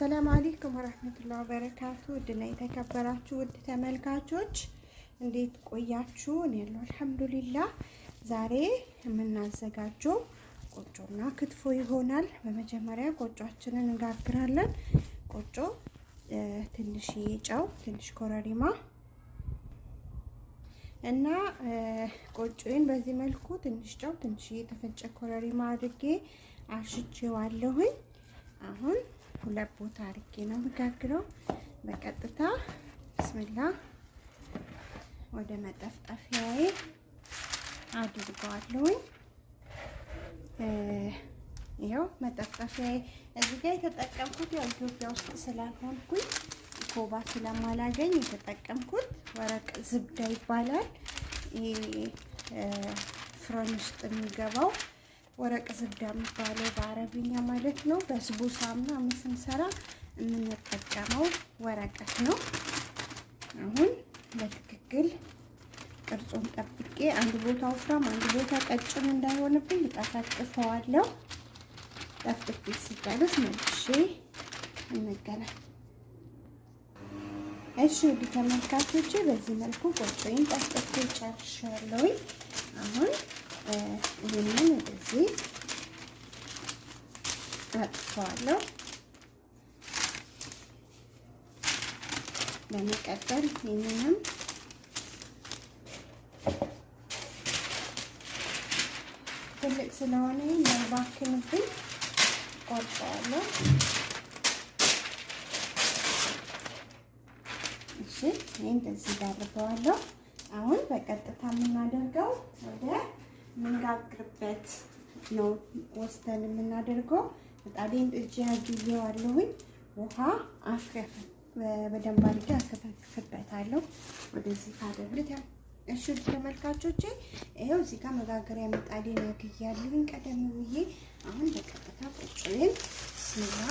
ሰላም አለይኩም ወራህመቱላሂ ወበረካቱ። ውድና የተከበራችሁ ውድ ተመልካቾች እንዴት ቆያችሁ? እኔ ያለው አልሐምዱሊላህ። ዛሬ የምናዘጋጀው ቆጮና ክትፎ ይሆናል። በመጀመሪያ ቆጮችንን እንጋግራለን። ቆጮ ትንሽዬ ጨው፣ ትንሽ ኮረሪማ እና ቆጮዬን በዚህ መልኩ ትንሽ ጨው፣ ትንሽዬ የተፈጨ ኮረሪማ አድርጌ አሽቼዋለሁኝ አሁን ሁለት ቦታ አድርጌ ነው የምጋግረው። በቀጥታ ብስሚላ ወደ መጠፍጠፊያዬ አድርገዋለሁኝ። ይኸው መጠፍጠፊያዬ እዚህ ጋር የተጠቀምኩት ያው ኢትዮጵያ ውስጥ ስላልሆንኩኝ ኮባ ስለማላገኝ የተጠቀምኩት ወረቅ ዝብዳ ይባላል። ፍረን ውስጥ የሚገባው ወረቅ ዝብዳ የሚባለው በአረብኛ ማለት ነው። በስቡሳ ምናምን ስንሰራ የምንጠቀመው ወረቀት ነው። አሁን በትክክል ቅርጹን ጠብቄ አንድ ቦታ ወፍራም፣ አንድ ቦታ ቀጭን እንዳይሆንብኝ እጠፈጥፈዋለሁ። ጠፍጥፌ ሲጨርስ መልሼ እንገናኝ። እሺ ውድ ተመልካቾቼ በዚህ መልኩ ቆጮዬን ጠፍጥፌ ጨርሻለሁኝ። አደርገዋለሁ። በመቀጠል ይህንንም ትልቅ ስለሆነ እንዳይባክንብኝ ቆርጠዋለሁ። እሺ ይህን እንደዚህ አደርገዋለሁ። አሁን በቀጥታ የምናደርገው ወደ ምንጋግርበት ነው ወስደን የምናደርገው ምጣዴን ጥጄ አግዬዋለሁኝ። ውሃ አፍረፍ በደንብ አድርጌ አስከፍበታለሁ። ወደዚህ ካደብልት እሺ ተመልካቾቼ፣ ይኸው እዚህ ጋር መጋገሪያ ምጣዴን አግያለሁኝ ቀደም ብዬ። አሁን በቀጥታ ቆጮዬን ስጋ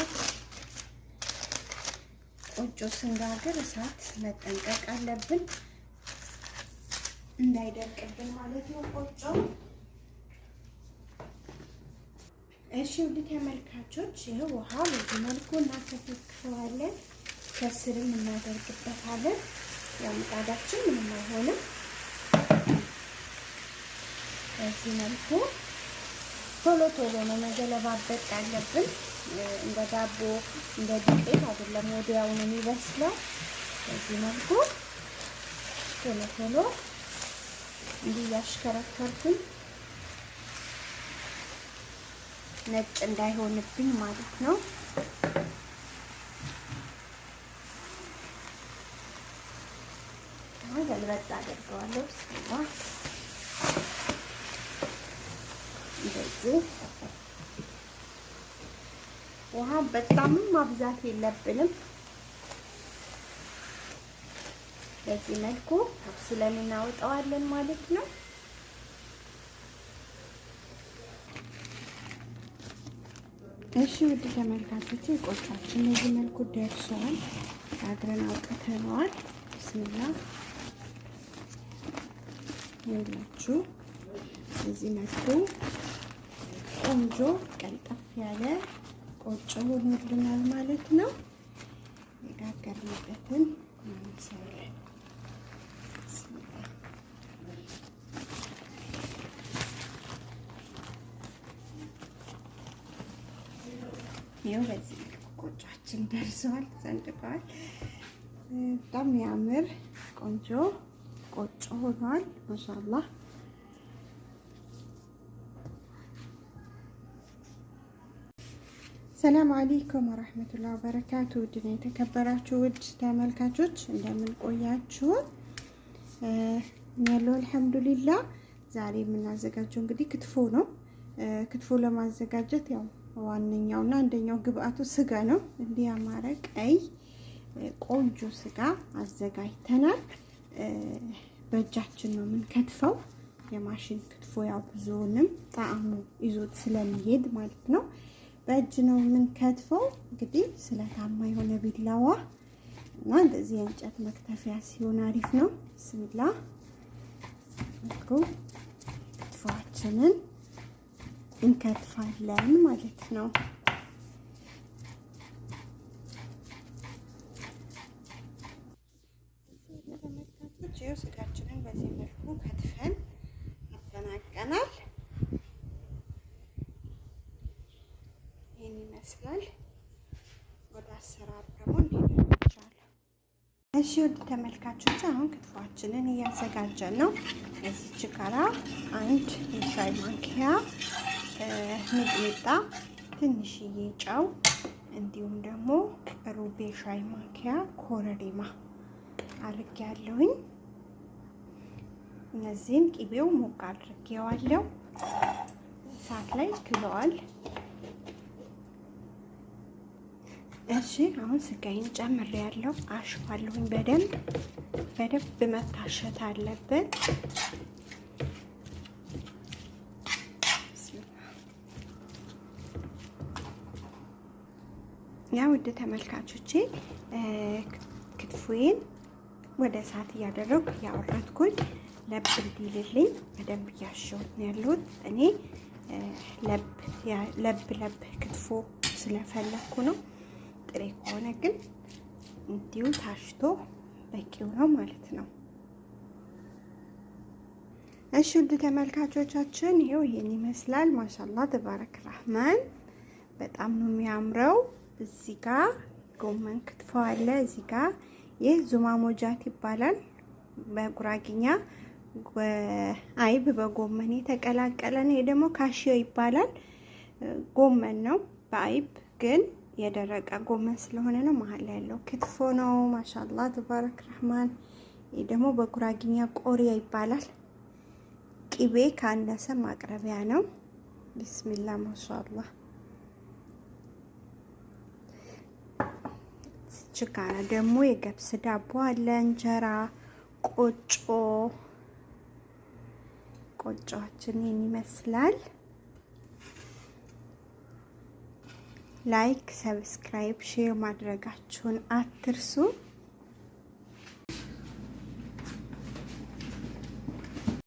ቆጮ ስንጋገር እሳት መጠንቀቅ አለብን እንዳይደርቅብን ማለት ነው ቆጮ እሺ ውድ ተመልካቾች ይህ ውሃ በዚህ መልኩ እናከፈክፈዋለን። ከስርም እናደርግበታለን። ያው ምጣዳችን ምንም አይሆንም። በዚህ መልኩ ቶሎ ቶሎ ነው መገለባበጥ ያለብን። እንደ ዳቦ እንደ ዱቄት አይደለም ወዲያው ነው የሚበስለው። በዚህ መልኩ ቶሎ ቶሎ እንዲህ እያሽከረከርኩኝ ነጭ እንዳይሆንብኝ ማለት ነው። ገልበጥ አደርገዋለሁ። ስዋ እንደዚህ ውሃ ማብዛት የለብንም። በዚህ መልኩ አብስለን እናወጣዋለን ማለት ነው። እሺ ውድ ተመልካቾች ቆጫችን በዚህ መልኩ ደርሰዋል። አድረን አውጥተነዋል። ስላ ይላችሁ በዚህ መልኩ ቆንጆ ቀልጠፍ ያለ ቆጮ ሆኖልናል ማለት ነው። የጋገርንበትን እናነሳለን። ይኸው በዚህ ቆጫችን ደርሰዋል፣ ሰንጥቀዋል። በጣም የሚያምር ቆንጆ ቆጮ ሆኗል። ማሻአላህ ሰላም አለይኩም ወራህመቱላሂ ወበረካቱ። ውድ የተከበራችሁ ውድ ተመልካቾች እንደምን ቆያችሁ? ያለው አልሐምዱሊላ። ዛሬ የምናዘጋጀው እንግዲህ ክትፎ ነው። ክትፎ ለማዘጋጀት ያው ዋነኛው እና አንደኛው ግብአቱ ስጋ ነው። እንዲህ ያማረ ቀይ ቆንጆ ስጋ አዘጋጅተናል። በእጃችን ነው የምንከትፈው። የማሽን ክትፎ ያው ብዙውንም ጣዕሙ ይዞት ስለሚሄድ ማለት ነው። በእጅ ነው የምንከትፈው። እንግዲህ ስለታማ የሆነ ቢላዋ እና እንደዚህ የእንጨት መክተፊያ ሲሆን አሪፍ ነው። ስሚላ ክትፎአችንን እንከትፋለን ማለት ነው። ተመልካቾች ስጋችንን በዚህ መልኩ ከትፈን አጠናቀናል። ይህን ይመስላል። ወደ አሰራር ደግሞ እሺ ውድ ተመልካቾች አሁን ክትፏችንን እያዘጋጀን ነው። እዚህ ችካላ አንድ የሻይ ማንኪያ ሚጥሚጣ፣ ትንሽዬ ጨው እንዲሁም ደግሞ ሩቤ ሻይ ማንኪያ ኮረሪማ አድርጌ ያለሁኝ። እነዚህን ሞቃ ሞቅ አድርጌዋለሁ። እሳት ላይ ክለዋል። እሺ አሁን ስጋዬን ጨምር ያለው አሽፋለሁኝ። በደንብ በደንብ መታሸት አለበት። ያ ውድ ተመልካቾቼ ክትፎዬን ወደ እሳት እያደረጉ እያወረድኩኝ ለብ እንዲልልኝ በደንብ እያሸሁት ነው ያለሁት። እኔ ለብ ለብ ክትፎ ስለፈለግኩ ነው። ጥሬ ከሆነ ግን እንዲሁ ታሽቶ በቂው ነው ማለት ነው። እሺ ውድ ተመልካቾቻችን ይኸው ይህን ይመስላል። ማሻላ ተባረክ ራህማን በጣም ነው የሚያምረው። እዚህ ጋ ጎመን ክትፎ አለ። እዚህ ጋ ይህ ዙማ ሞጃት ይባላል በጉራግኛ አይብ በጎመን የተቀላቀለ ነው። ደግሞ ካሽዮ ይባላል። ጎመን ነው በአይብ ግን የደረቀ ጎመን ስለሆነ ነው። መሀል ያለው ክትፎ ነው። ማሻላ ተባረክ ረህማን። ይህ ደግሞ በጉራግኛ ቆሪያ ይባላል። ቂቤ ካነሰ ማቅረቢያ ነው። ቢስሚላ ማሻላ ጋር ደግሞ የገብስ ዳቦ አለ፣ እንጀራ፣ ቆጮ። ቆጮችን ይመስላል። ላይክ፣ ሰብስክራይብ፣ ሼር ማድረጋችሁን አትርሱ።